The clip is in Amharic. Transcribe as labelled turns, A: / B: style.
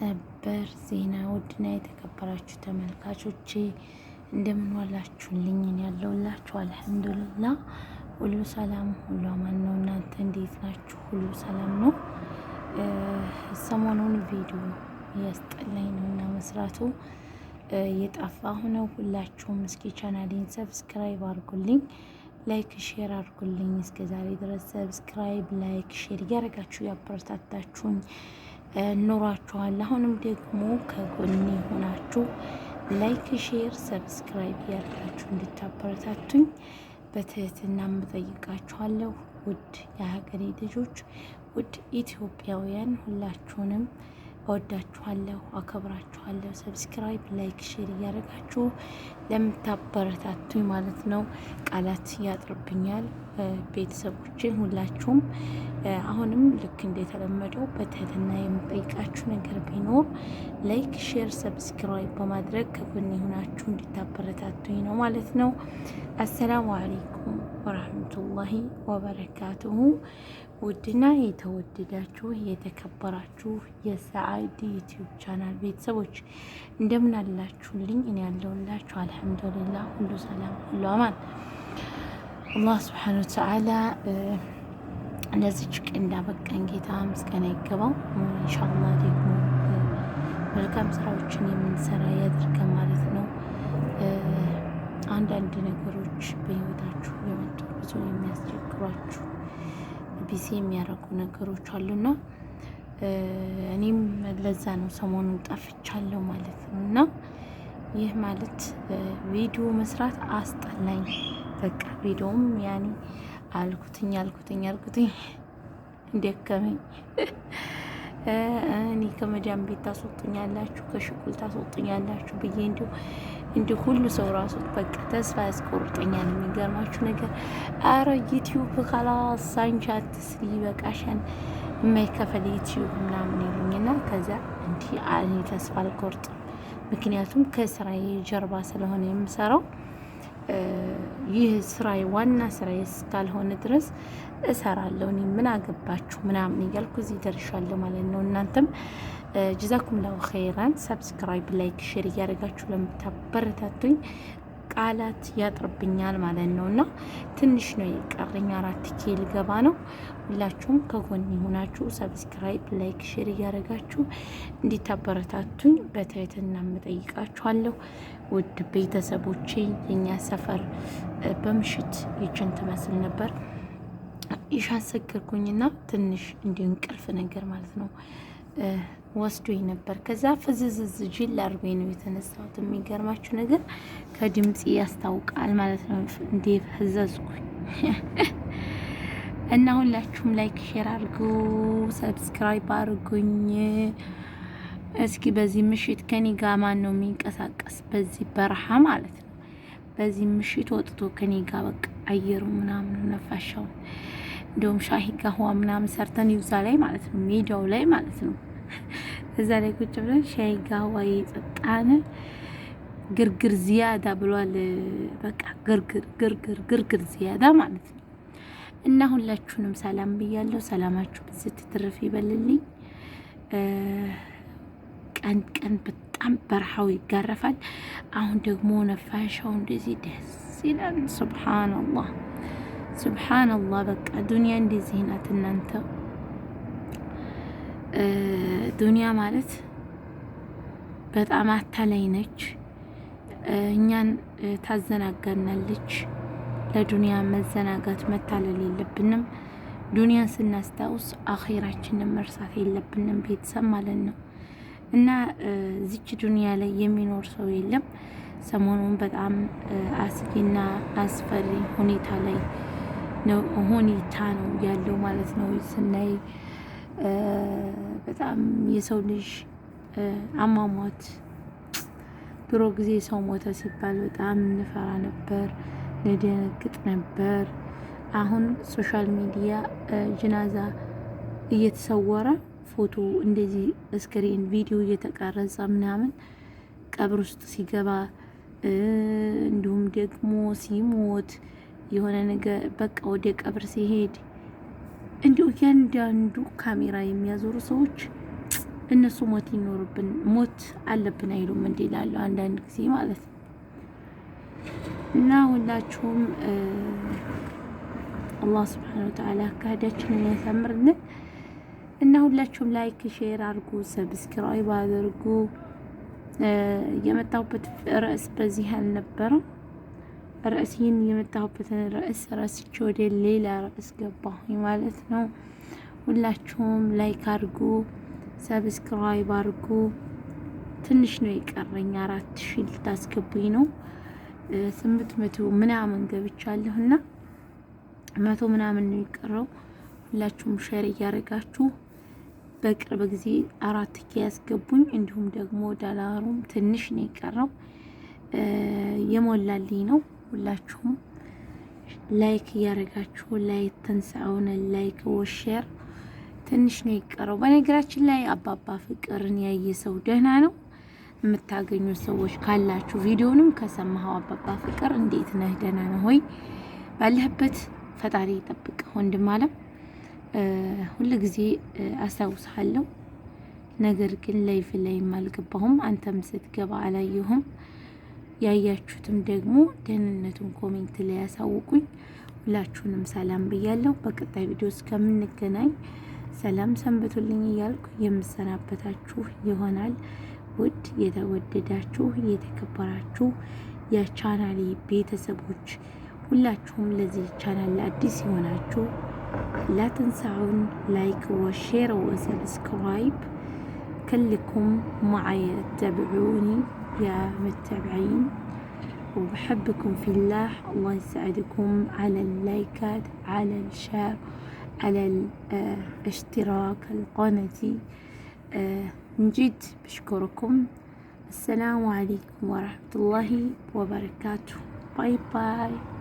A: ሰበር ዜና ውድና የተከበራችሁ ተመልካቾቼ እንደምን ዋላችሁልኝ? ያለውላችሁ አልሐምዱልላ ሁሉ ሰላም ሁሉ አማን ነው። እናንተ እንዴት ናችሁ? ሁሉ ሰላም ነው። ሰሞኑን ቪዲዮ እያስጠላኝ ነው እና መስራቱ የጠፋ ሆነው ሁላችሁም እስኪ ቻናሌን ሰብስክራይብ አድርጉልኝ፣ ላይክ ሼር አድርጉልኝ። እስከዛሬ ድረስ ሰብስክራይብ ላይክ ሼር እያደረጋችሁ ያበረታታችሁኝ ኑሯችኋል። አሁንም ደግሞ ከጎን ሆናችሁ ላይክ፣ ሼር፣ ሰብስክራይብ ያላችሁ እንድታበረታቱኝ በትህትና ምጠይቃችኋለሁ። ውድ የሀገሬ ልጆች፣ ውድ ኢትዮጵያውያን ሁላችሁንም እወዳችኋለሁ፣ አከብራችኋለሁ። ሰብስክራይብ፣ ላይክ፣ ሼር እያደረጋችሁ ለምታበረታቱኝ ማለት ነው ቃላት ያጥርብኛል። ቤተሰቦችን ሁላችሁም አሁንም ልክ እንደተለመደው በትህትና የምጠይቃችሁ ነገር ቢኖር ላይክ፣ ሼር፣ ሰብስክራይብ በማድረግ ከጎን የሆናችሁ እንድታበረታቱኝ ነው ማለት ነው። አሰላሙ አለይኩም ወራህመቱላሂ ወበረካቱሁ። ውድና የተወደዳችሁ የተከበራችሁ የሰአድ ዩቲዩብ ቻናል ቤተሰቦች እንደምን አላችሁልኝ? እኔ ያለሁላችሁ አልሐምዱሊላህ፣ ሁሉ ሰላም፣ ሁሉ አማን። አላህ ስብሓነሁ ወተዓላ ለዚች ቀን እንዳበቃን ጌታ ምስጋና ይገባው። ኢንሻአላህ ደግሞ መልካም ስራዎችን የምንሰራ ያድርግ አንዳንድ ነገሮች በህይወታችሁ የመጡ ብዙ የሚያስቸግሯችሁ ቢዚ የሚያደርጉ ነገሮች አሉና እኔም ለዛ ነው ሰሞኑን ጠፍቻለሁ ማለት ነው። እና ይህ ማለት ቪዲዮ መስራት አስጠላኝ። በቃ ቪዲዮም ያኔ አልኩትኝ አልኩትኝ አልኩትኝ እንደከመኝ እኔ ከመዳም ቤት ታስወጡኛላችሁ፣ ከሽቁል ታስወጡኛላችሁ ብዬ እንዲሁ እንዲሁ ሁሉ ሰው ራሱ በቃ ተስፋ ያስቆርጠኛል። የሚገርማችሁ ነገር አረ ዩቲዩብ ካላስ አንቺ አትስሪ ይበቃሻል፣ የማይከፈል ዩቲዩብ ምናምን ይሉኝና ከዛ እንዲህ እኔ ተስፋ አልቆርጥም። ምክንያቱም ከስራዬ ጀርባ ስለሆነ የምሰራው ይህ ስራዬ ዋና ስራ እስካልሆነ ድረስ እሰራለሁ። እኔ ምን አገባችሁ ምናምን እያልኩ እዚህ ደርሻለሁ ማለት ነው። እናንተም ጅዛኩም ላው ኸይራን። ሰብስክራይብ፣ ላይክ፣ ሼር እያደረጋችሁ ለምታበረታቱኝ ቃላት ያጥርብኛል ማለት ነው እና ትንሽ ነው የቀረኝ፣ አራት ኬ ልገባ ነው። ሁላችሁም ከጎን የሆናችሁ ሰብስክራይብ፣ ላይክ፣ ሼር እያደረጋችሁ እንዲታበረታቱኝ በትህትና እጠይቃችኋለሁ። ውድ ቤተሰቦቼ የኛ ሰፈር በምሽት ይችን ትመስል ነበር። ይሻሰገርኩኝና ትንሽ እንዲሁ እንቅልፍ ነገር ማለት ነው ወስዶኝ ነበር። ከዛ ፍዝዝዝ ጅል አድርጎ ነው የተነሳሁት። የሚገርማችሁ ነገር ከድምፅ ያስታውቃል ማለት ነው እንዴ ፈዘዝኩኝ። እና ሁላችሁም ላይክ፣ ሼር አድርጉ፣ ሰብስክራይብ አድርጉኝ። እስኪ በዚህ ምሽት ከኔ ጋር ማን ነው የሚንቀሳቀስ? በዚህ በረሃ ማለት ነው። በዚህ ምሽት ወጥቶ ከኔ ጋር በቃ አየሩ ምናምን ነፋሻው፣ እንደውም ሻሂ ጋር ውሃ ምናምን ሰርተን ይብዛ ላይ ማለት ነው ሜዳው ላይ ማለት ነው እዛ ላይ ቁጭ ብለን ሻይ ጋዋ የጠጣን ግርግር ዝያዳ ብሏል። በቃ ግርግር ግርግር ግርግር ዝያዳ ማለት ነው። እና ሁላችሁንም ሰላም ብያለሁ። ሰላማችሁ ብዝት ትርፍ ይበልልኝ። ቀን ቀን በጣም በረሃው ይጋረፋል። አሁን ደግሞ ነፋሻው እንደዚህ ደስ ይላል። ሱብሓነላህ ሱብሓነላህ። በቃ ዱንያ እንደዚህ ናት እናንተ ዱንያ ማለት በጣም አታላይ ነች። እኛን ታዘናጋናለች። ለዱንያ መዘናጋት መታለል የለብንም። ዱንያን ስናስታውስ አኼራችንን መርሳት የለብንም። ቤተሰብ ማለት ነው እና እዚች ዱንያ ላይ የሚኖር ሰው የለም። ሰሞኑን በጣም አስጊና አስፈሪ ሁኔታ ላይ ሁኔታ ነው ያለው ማለት ነው ስናይ በጣም የሰው ልጅ አሟሟት ድሮ ጊዜ ሰው ሞተ ሲባል በጣም እንፈራ ነበር፣ እንደነግጥ ነበር። አሁን ሶሻል ሚዲያ ጅናዛ እየተሰወረ ፎቶ እንደዚህ ስክሪን ቪዲዮ እየተቀረጸ ምናምን ቀብር ውስጥ ሲገባ እንዲሁም ደግሞ ሲሞት የሆነ ነገር በቃ ወደ ቀብር ሲሄድ እንዲሁ እያንዳንዱ ካሜራ የሚያዞሩ ሰዎች እነሱ ሞት ይኖርብን ሞት አለብን አይሉም እንዲ ላለ አንዳንድ ጊዜ ማለት ነው። እና ሁላችሁም አላህ ስብሓን ወተዓላ አካሄዳችንን ያሳምርልን እና ሁላችሁም ላይክ፣ ሼር አድርጉ፣ ሰብስክራይብ አድርጉ። የመጣሁበት ርዕስ በዚህ አልነበረም። ርዕስን የመጣሁበትን ርዕስ ረስቼ ወደ ሌላ ርዕስ ገባሁኝ ማለት ነው። ሁላችሁም ላይክ አድርጉ፣ ሰብስክራይብ አድርጉ። ትንሽ ነው የቀረኝ፣ አራት ሺ ልታስገቡኝ ነው። ስምንት መቶ ምናምን ገብቻለሁ እና መቶ ምናምን ነው የቀረው። ሁላችሁም ሼር እያደረጋችሁ በቅርብ ጊዜ አራት ኬ ያስገቡኝ። እንዲሁም ደግሞ ዳላሩም ትንሽ ነው የቀረው የሞላልኝ ነው። ሁላችሁም ላይክ እያደረጋችሁ ላይክ ትንሳኤውን ላይክ ወሼር ትንሽ ነው የቀረው። በነገራችን ላይ አባባ ፍቅርን ያየ ሰው ደህና ነው። የምታገኙ ሰዎች ካላችሁ ቪዲዮንም ከሰማኸው አባባ ፍቅር እንዴት ነህ? ደህና ነው ሆይ? ባለህበት ፈጣሪ ይጠብቅ ወንድም አለም። ሁል ጊዜ አስታውስሃለሁ። ነገር ግን ላይፍ ላይም አልገባሁም፣ አንተም ስትገባ አላየሁም። ያያችሁትም ደግሞ ደህንነቱን ኮሜንት ላይ ያሳውቁኝ። ሁላችሁንም ሰላም ብያለሁ። በቀጣይ ቪዲዮ እስከምንገናኝ ሰላም ሰንብቱልኝ እያልኩ የምሰናበታችሁ ይሆናል። ውድ የተወደዳችሁ የተከበራችሁ የቻናሌ ቤተሰቦች ሁላችሁም ለዚህ ቻናል አዲስ የሆናችሁ ላትንሳውን ላይክ ወሼር ወሰብስክራይብ ከልኩም ማዓየ ተብዑኒ يا متابعين وبحبكم في الله الله يساعدكم على اللايكات على الشير على الاشتراك آه، القناتي آه، من جد بشكركم السلام عليكم ورحمة الله وبركاته باي باي